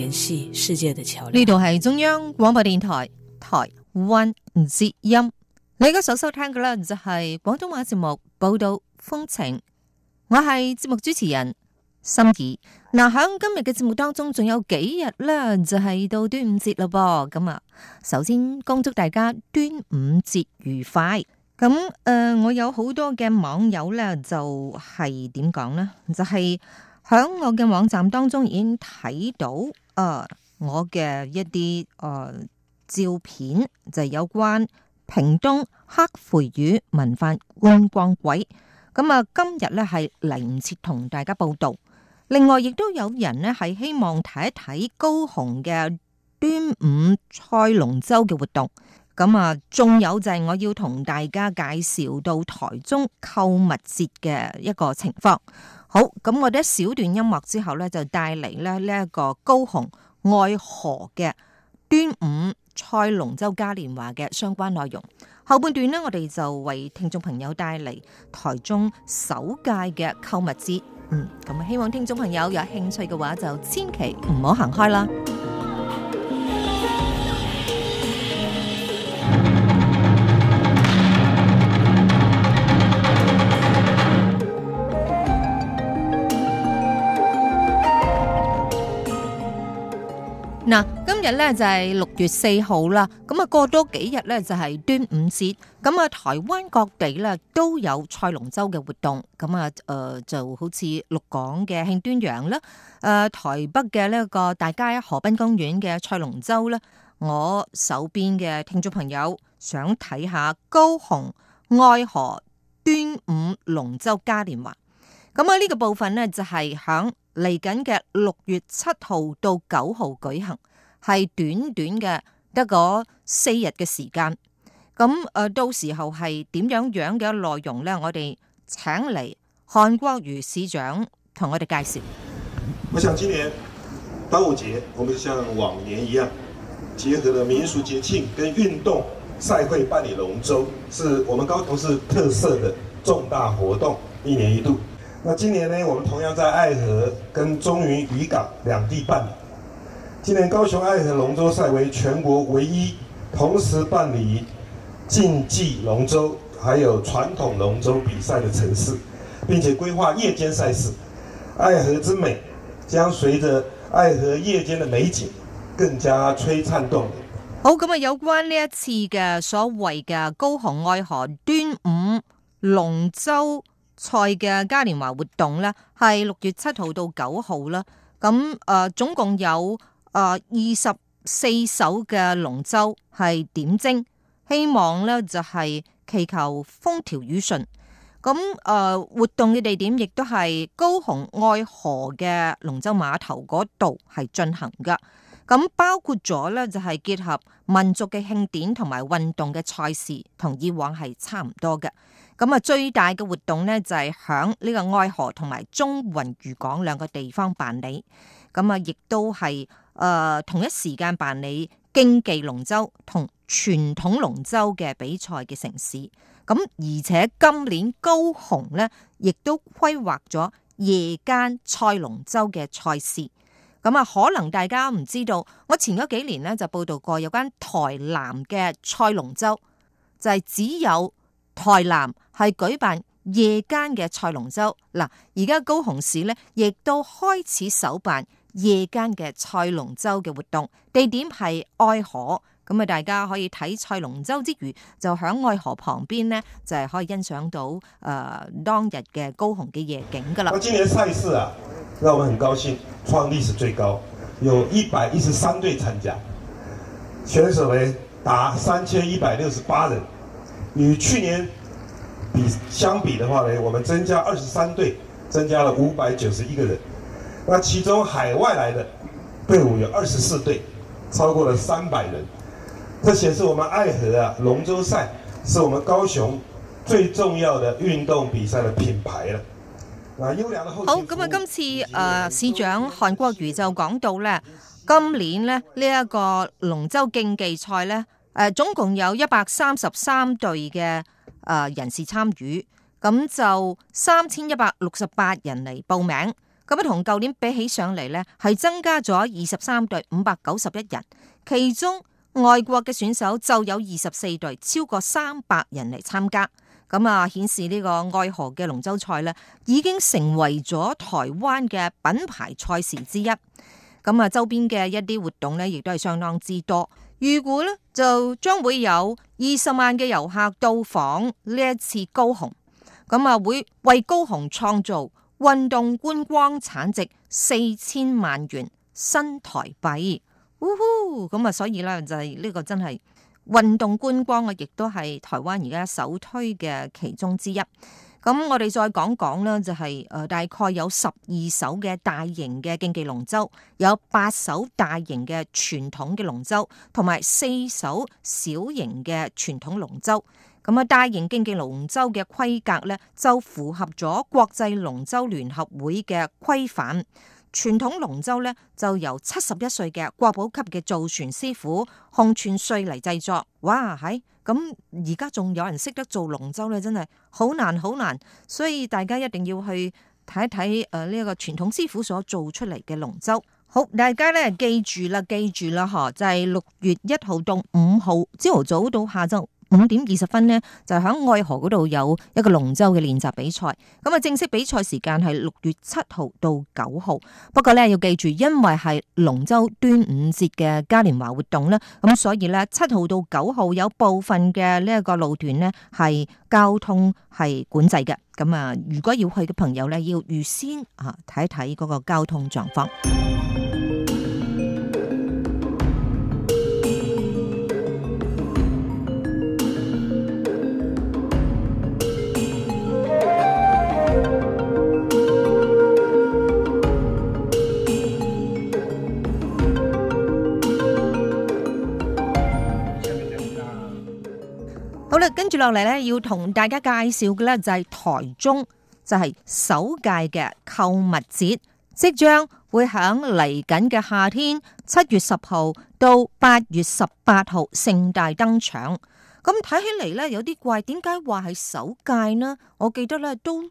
聯繫世界的橋樑。呢度係中央廣播電台台灣節音，你而家所收聽嘅咧就係廣東話節目報導風情，我係節目主持人心儀。嗱、啊，響今日嘅節目當中，仲有幾日咧就係、是、到端午節咯噃。咁啊，首先恭祝大家端午節愉快。咁誒、呃，我有好多嘅網友咧，就係點講咧，就係、是。喺我嘅網站當中已經睇到，誒、呃，我嘅一啲誒、呃、照片，就有關屏東黑鮪魚文化觀光季。咁啊，今日呢係嚟唔切同大家報道。另外，亦都有人呢係希望睇一睇高雄嘅端午賽龍舟嘅活動。咁啊，仲有就係我要同大家介紹到台中購物節嘅一個情況。好，咁我哋一小段音樂之後咧，就帶嚟咧呢一個高雄愛河嘅端午賽龍舟嘉年華嘅相關內容。後半段呢，我哋就為聽眾朋友帶嚟台中首屆嘅購物節。嗯，咁希望聽眾朋友有興趣嘅話，就千祈唔好行開啦。今日咧就係六月四號啦，咁啊過多幾日咧就係端午節，咁啊台灣各地咧都有賽龍舟嘅活動。咁、呃、啊，誒就好似鹿港嘅慶端陽啦，誒、呃、台北嘅呢個大街河濱公園嘅賽龍舟啦。我手邊嘅聽眾朋友想睇下高雄愛河端午龍舟嘉年華，咁啊呢個部分呢，就係響嚟緊嘅六月七號到九號舉行。係短短嘅得個四日嘅時間，咁誒，到時候係點樣樣嘅內容呢？我哋請嚟韓國瑜市長同我哋介紹。我想今年端午節，我們像往年一樣，結合了民俗節慶跟運動賽會，辦理龍舟，是我們高雄市特色的重大活動，一年一度。那今年呢，我們同樣在愛河跟中芸漁港兩地辦理。今年高雄愛河龍舟賽為全國唯一同時辦理競技龍舟，還有傳統龍舟比賽嘅城市。並且規劃夜間賽事，愛河之美將隨着愛河夜間的美景更加璀璨動。好咁啊！有關呢一次嘅所謂嘅高雄愛河端午龍舟賽嘅嘉年華活動呢係六月七號到九號啦。咁誒、呃，總共有。啊，二十四艘嘅龍舟係點睛，希望咧就係、是、祈求風調雨順。咁誒，uh, 活動嘅地點亦都係高雄愛河嘅龍舟碼頭嗰度係進行噶。咁包括咗咧就係、是、結合民族嘅慶典同埋運動嘅賽事，同以往係差唔多嘅。咁啊，最大嘅活動咧就係響呢個愛河同埋中雲漁港兩個地方辦理。咁啊，亦都係誒、呃、同一時間辦理競技龍舟同傳統龍舟嘅比賽嘅城市。咁而且今年高雄咧，亦都規劃咗夜間賽龍舟嘅賽事。咁啊，可能大家唔知道，我前嗰幾年咧就報道過有關台南嘅賽龍舟，就係、是、只有台南係舉辦夜間嘅賽龍舟。嗱，而家高雄市咧，亦都開始首辦。夜間嘅賽龍舟嘅活動，地點係愛河，咁啊大家可以睇賽龍舟之餘，就響愛河旁邊咧，就係可以欣賞到誒、呃、當日嘅高雄嘅夜景噶啦。今年賽事啊，讓我們很高興，創歷史最高，有一百一十三隊參加，選手嚟達三千一百六十八人，與去年比相比的話咧，我們增加二十三隊，增加了五百九十一個人。那其中海外來的隊伍有二十四隊，超過了三百人。這顯示我們愛河啊龍舟賽是我們高雄最重要的運動比賽的品牌了。那優良的後生。好咁啊！今次誒、呃、市長韓國瑜就講到咧，今年咧呢一、這個龍舟競技賽咧誒、呃，總共有一百三十三隊嘅誒人士參與，咁就三千一百六十八人嚟報名。咁啊，同舊年比起上嚟咧，係增加咗二十三隊五百九十一人，其中外國嘅選手就有二十四隊超過三百人嚟參加。咁啊，顯示呢個愛河嘅龍舟賽咧，已經成為咗台灣嘅品牌賽事之一。咁啊，周邊嘅一啲活動咧，亦都係相當之多。預估咧，就將會有二十萬嘅遊客到訪呢一次高雄。咁啊，會為高雄創造。運動觀光產值四千萬元新台幣，嗚呼，咁啊，所以咧就係呢個真係運動觀光啊，亦都係台灣而家首推嘅其中之一。咁我哋再講講咧，就係誒，大概有十二艘嘅大型嘅競技龍舟，有八艘大型嘅傳統嘅龍舟，同埋四艘小型嘅傳統龍舟。咁啊！大型競技龍舟嘅規格咧，就符合咗國際龍舟聯合會嘅規範。傳統龍舟咧，就由七十一歲嘅國寶級嘅造船師傅控串穗嚟製作。哇！喺咁而家仲有人識得做龍舟咧，真係好難好難。所以大家一定要去睇一睇誒呢個傳統師傅所做出嚟嘅龍舟。好，大家咧記住啦，記住啦，嗬，就係六月一號到五號，朝頭早到下晝。五點二十分呢，就喺愛河嗰度有一個龍舟嘅練習比賽。咁啊，正式比賽時間係六月七號到九號。不過呢，要記住，因為係龍舟端午節嘅嘉年華活動咧，咁所以呢，七號到九號有部分嘅呢一個路段呢，係交通係管制嘅。咁啊，如果要去嘅朋友呢，要預先啊睇一睇嗰個交通狀況。跟住落嚟咧，要同大家介紹嘅咧就係台中，就係首屆嘅購物節，即將會響嚟緊嘅夏天，七月十號到八月十八號盛大登場。咁睇起嚟咧，有啲怪，點解話係首屆呢？我記得咧都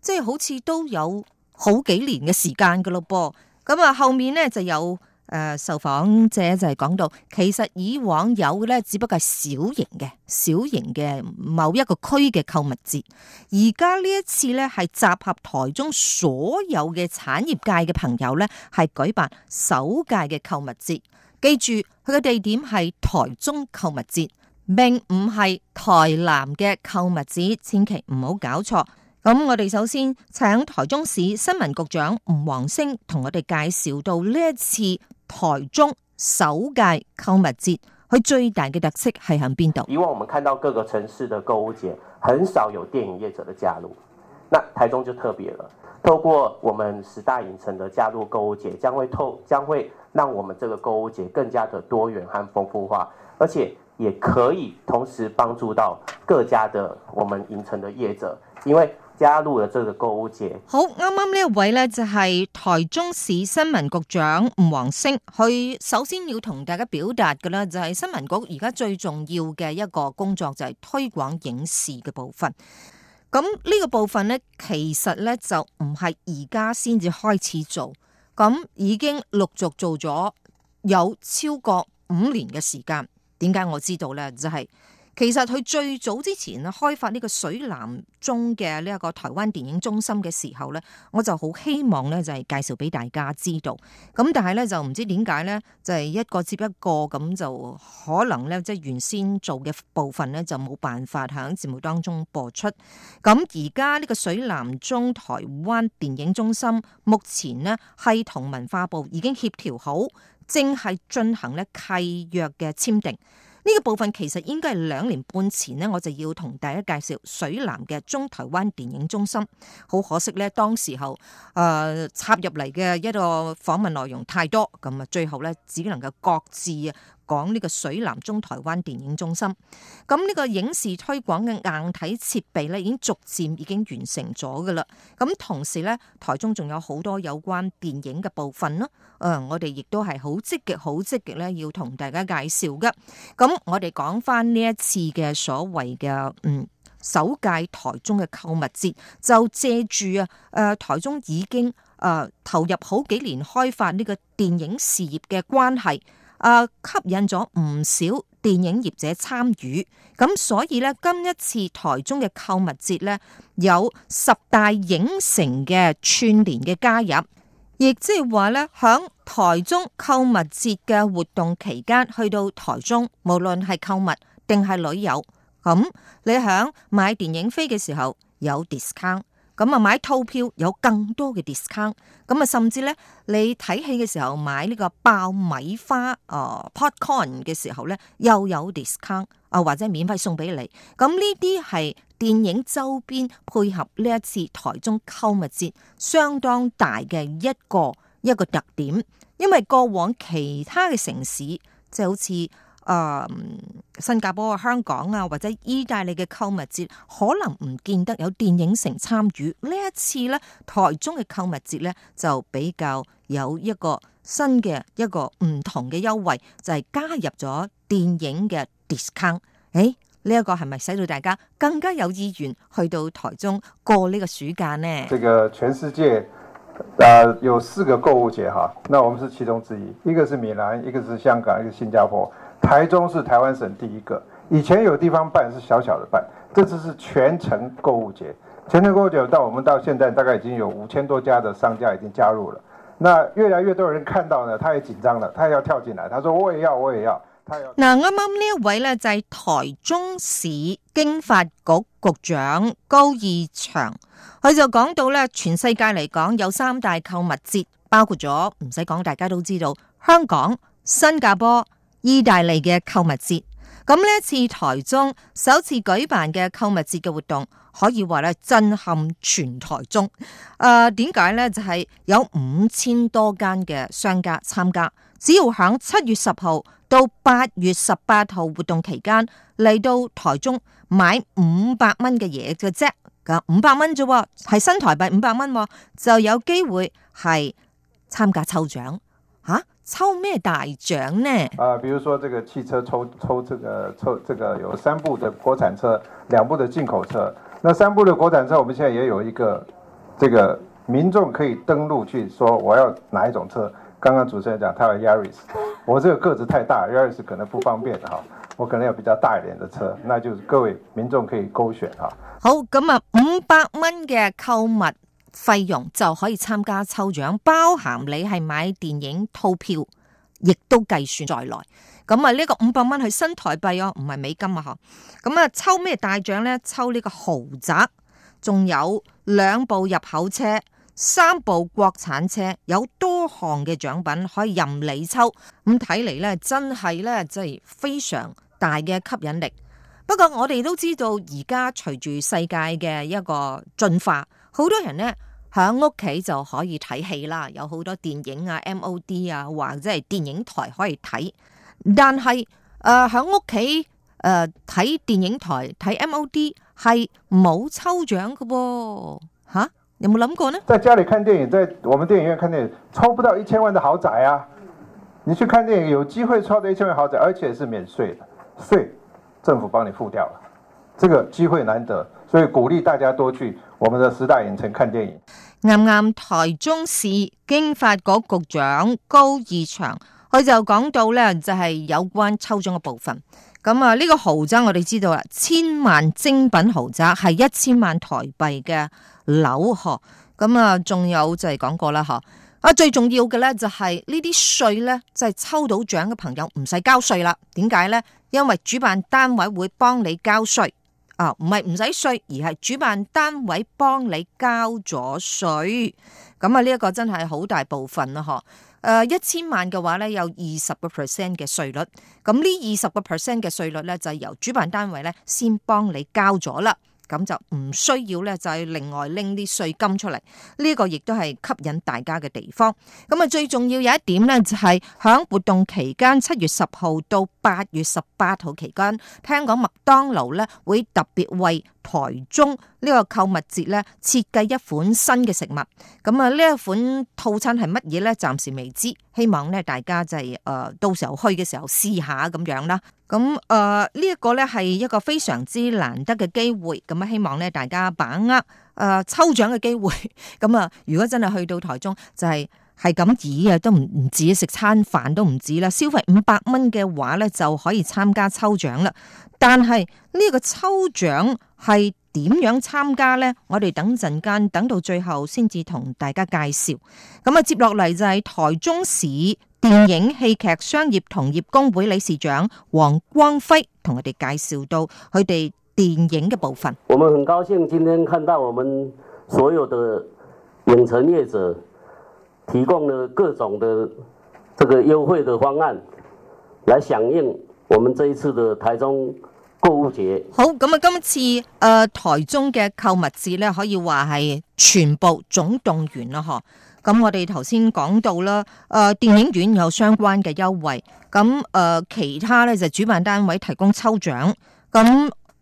即係好似都有好幾年嘅時間噶咯噃。咁啊，後面咧就有。誒、呃，受訪者就係講到，其實以往有嘅咧，只不過係小型嘅，小型嘅某一個區嘅購物節。而家呢一次咧，係集合台中所有嘅產業界嘅朋友咧，係舉辦首屆嘅購物節。記住，佢嘅地點係台中購物節，並唔係台南嘅購物節，千祈唔好搞錯。咁我哋首先請台中市新聞局長吳黃星同我哋介紹到呢一次，台中首屆購物節，佢最大嘅特色係喺邊度？以往我們看到各個城市的購物節，很少有電影業者的加入，那台中就特別了。透過我們十大影城的加入購物節，購物節將會透將會讓我們這個購物節更加的多元和豐富化，而且也可以同時幫助到各家的我們影城的業者，因為。加入了這個購物節。好啱啱呢一位咧，就係台中市新聞局長吳黃星，佢首先要同大家表達嘅咧，就係新聞局而家最重要嘅一個工作就係推廣影視嘅部分。咁呢個部分咧，其實咧就唔係而家先至開始做，咁已經陸續做咗有超過五年嘅時間。點解我知道咧？就係。其實佢最早之前咧開發呢個水南中嘅呢一個台灣電影中心嘅時候咧，我就好希望咧就係介紹俾大家知道。咁但係咧就唔知點解咧，就係一個接一個咁就可能咧即係原先做嘅部分咧就冇辦法喺節目當中播出。咁而家呢個水南中台灣電影中心目前呢，係同文化部已經協調好，正係進行咧契約嘅簽訂。呢個部分其實應該係兩年半前咧，我就要同大家介紹水南嘅中台灣電影中心。好可惜咧，當時候誒、呃、插入嚟嘅一個訪問內容太多，咁啊最後咧只能夠擱置。啊。講呢個水南中台灣電影中心。咁呢個影視推廣嘅硬體設備咧，已經逐漸已經完成咗噶啦。咁同時咧，台中仲有好多有關電影嘅部分咯。誒，我哋亦都係好積極，好積極咧，要同大家介紹嘅。咁我哋講返呢一次嘅所謂嘅，嗯，首屆台中嘅購物節，就借住啊誒台中已經誒、呃、投入好幾年開發呢個電影事業嘅關係。啊、吸引咗唔少電影業者參與，咁所以呢，今一次台中嘅購物節呢，有十大影城嘅串聯嘅加入，亦即係話呢，響台中購物節嘅活動期間，去到台中，無論係購物定係旅遊，咁、嗯、你響買電影飛嘅時候有 discount。咁啊，買套票有更多嘅 discount，咁啊，甚至咧你睇戲嘅時候買呢個爆米花啊、uh, popcorn 嘅時候咧又有 discount 啊，或者免費送俾你。咁呢啲係電影周邊配合呢一次台中購物節相當大嘅一個一個特點，因為過往其他嘅城市即係好似，誒、呃，新加坡啊、香港啊或者意大利嘅購物節，可能唔見得有電影城參與。呢一次咧，台中嘅購物節咧就比較有一個新嘅一個唔同嘅優惠，就係、是、加入咗電影嘅 discount。誒、欸，呢、這、一個係咪使到大家更加有意願去到台中過呢個暑假呢？這個全世界、呃、有四個購物節哈，那我們是其中之一，一個是米蘭，一個是香港，一個是新加坡。台中是台灣省第一個。以前有地方辦是小小的辦，這次是全城購物節。全城購物節到我們到現在大概已經有五千多家的商家已經加入了。那越來越多人看到呢，他也緊張了，他也要跳進來。他說：“我也要，我也要。他要”嗱，啱啱呢一位呢，就係、是、台中市經發局局長高禩翔。佢就講到呢，全世界嚟講有三大購物節，包括咗唔使講，大家都知道香港、新加坡。意大利嘅購物節，咁呢次台中首次舉辦嘅購物節嘅活動，可以話咧震撼全台中。誒、啊，點解咧？就係、是、有五千多間嘅商家參加，只要喺七月十號到八月十八號活動期間嚟到台中買五百蚊嘅嘢嘅啫，五百蚊啫，係新台幣五百蚊，就有機會係參加抽獎吓。啊抽咩大獎呢？啊，比如說這個汽車抽抽，這個抽這個有三部的國產車，兩部的進口車。那三部的國產車，我們現在也有一個，這個民眾可以登錄去說我要哪一種車。剛剛主持人講他要 Yaris，我這個個子太大，Yaris 可能不方便哈，我可能有比較大一點的車，那就是各位民眾可以勾選哈。好，咁啊，五百蚊嘅購物。費用就可以參加抽獎，包含你係買電影套票，亦都計算在內。咁啊，呢個五百蚊係新台幣哦，唔係美金啊，嗬。咁啊，抽咩大獎呢？抽呢個豪宅，仲有兩部進口車、三部國產車，有多項嘅獎品可以任你抽。咁睇嚟呢，真係呢，即係非常大嘅吸引力。不過我哋都知道，而家隨住世界嘅一個進化，好多人呢。喺屋企就可以睇戲啦，有好多電影啊、MOD 啊，或者係電影台可以睇。但係誒，喺屋企誒睇電影台睇 MOD 係冇抽獎嘅喎，吓、啊、有冇諗過呢？在家裏看電影，在我們電影院看電影，抽不到一千萬的豪宅啊！你去看電影，有機會抽到一千萬豪宅，而且是免稅嘅，稅政府幫你付掉了，這個機會難得，所以鼓勵大家多去。我們的十大影城看電影。啱啱台中市經發局局長高禩翔，佢就講到咧，就係有關抽獎嘅部分。咁啊，呢個豪宅我哋知道啦，千萬精品豪宅係一千萬台幣嘅樓嗬。咁啊，仲有就係講過啦吓啊，最重要嘅咧就係呢啲稅咧，就係抽到獎嘅朋友唔使交稅啦。點解咧？因為主辦單位會幫你交稅。啊，唔係唔使稅，而係主辦單位幫你交咗稅，咁啊呢一個真係好大部分啦，嗬、呃？誒，一千萬嘅話咧有二十個 percent 嘅稅率，咁呢二十個 percent 嘅稅率咧就係由主辦單位咧先幫你交咗啦，咁就唔需要咧就係另外拎啲稅金出嚟，呢、這個亦都係吸引大家嘅地方。咁啊最重要有一點咧就係喺活動期間，七月十號到。八月十八號期間，聽講麥當勞咧會特別為台中呢個購物節咧設計一款新嘅食物。咁啊，呢一款套餐係乜嘢咧？暫時未知，希望咧大家就係、是、誒，到時候去嘅時候試下咁樣啦。咁誒、呢、呃、一、這個咧係一個非常之難得嘅機會。咁啊，希望咧大家把握誒、呃、抽獎嘅機會。咁啊，如果真係去到台中就係、是。係咁以啊，都唔唔止食餐飯都唔止啦，消費五百蚊嘅話呢，就可以參加抽獎啦。但係呢個抽獎係點樣參加呢？我哋等陣間等到最後先至同大家介紹。咁啊，接落嚟就係台中市電影戲劇商業同業工會理事長黃光輝同我哋介紹到佢哋電影嘅部分。我們很高興今天看到我們所有的影城業者，提供了各種的這個優惠的方案，來響應我們這一次的台中購物節。好，咁啊，今次誒台中嘅購物節咧，可以話係全部總動員啦，嗬。咁我哋頭先講到啦，誒，電影院有相關嘅優惠，咁誒其他咧就主辦單位提供抽獎，咁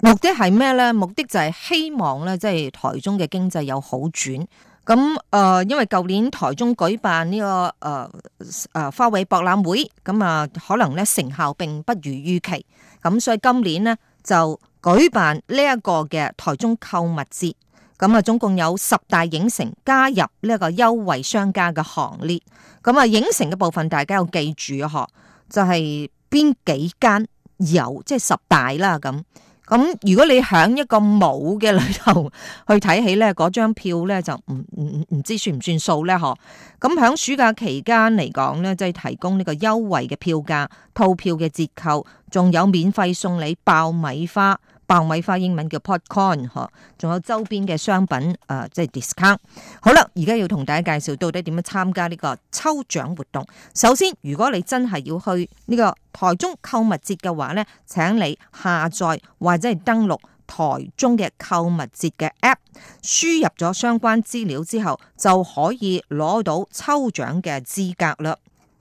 目的係咩咧？目的就係希望咧，即係台中嘅經濟有好轉。咁誒，因為舊年台中舉辦呢個誒誒花卉博覽會，咁啊可能咧成效並不如預期，咁所以今年咧就舉辦呢一個嘅台中購物節，咁啊總共有十大影城加入呢一個優惠商家嘅行列，咁啊影城嘅部分大家要記住啊，就係邊幾間有，即係十大啦咁。咁如果你喺一個冇嘅裏頭去睇起咧，嗰張票咧就唔唔唔唔知算唔算數咧？嗬！咁喺暑假期間嚟講咧，即係提供呢個優惠嘅票價、套票嘅折扣，仲有免費送你爆米花。爆米花英文叫 popcorn，仲有周邊嘅商品誒，即係 discount。好啦，而家要同大家介紹到底點樣參加呢個抽獎活動。首先，如果你真係要去呢個台中購物節嘅話咧，請你下載或者係登錄台中嘅購物節嘅 app，輸入咗相關資料之後，就可以攞到抽獎嘅資格啦。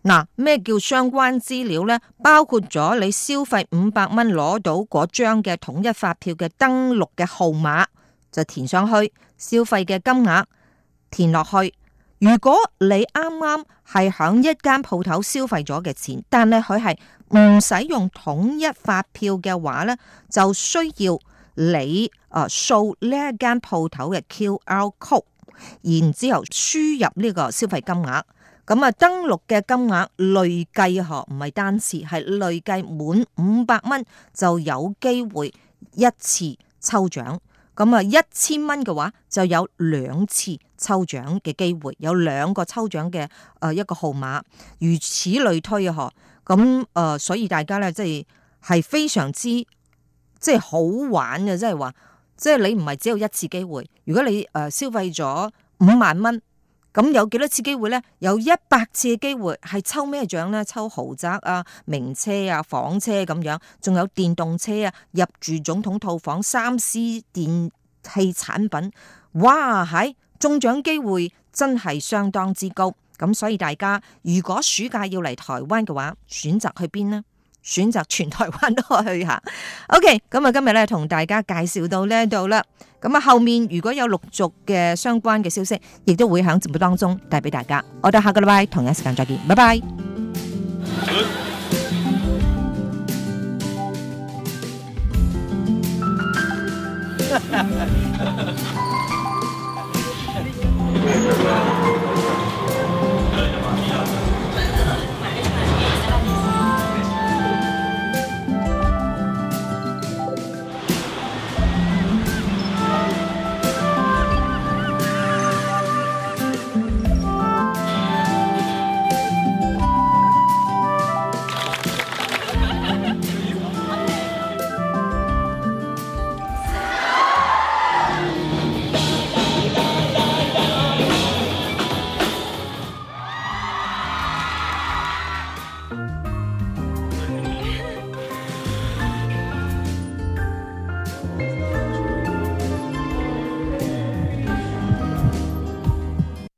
嗱，咩叫相關資料咧？包括咗你消費五百蚊攞到嗰張嘅統一發票嘅登錄嘅號碼，就填上去，消費嘅金額填落去。如果你啱啱係響一間鋪頭消費咗嘅錢，但係佢係唔使用統一發票嘅話咧，就需要你啊掃呢一間鋪頭嘅 QR code，然之後輸入呢個消費金額。咁啊，登錄嘅金額累計嗬，唔係單次，係累計滿五百蚊就有機會一次抽獎。咁啊，一千蚊嘅話就有兩次抽獎嘅機會，有兩個抽獎嘅誒一個號碼，如此類推啊！嗬，咁誒，所以大家咧即係係非常之即係好玩嘅，即係話，即係你唔係只有一次機會，如果你誒消費咗五萬蚊。咁有幾多次機會咧？有一百次嘅機會係抽咩獎咧？抽豪宅啊、名車啊、房車咁、啊、樣，仲有電動車啊、入住總統套房、三 C 電器產品，哇！係！中獎機會真係相當之高。咁所以大家如果暑假要嚟台灣嘅話，選擇去邊呢？選擇全台灣都可以去下。OK，咁啊今日咧同大家介紹到呢度啦。咁啊，後面如果有陸續嘅相關嘅消息，亦都會響節目當中帶俾大家。我哋下個禮拜同一時間再見，拜拜。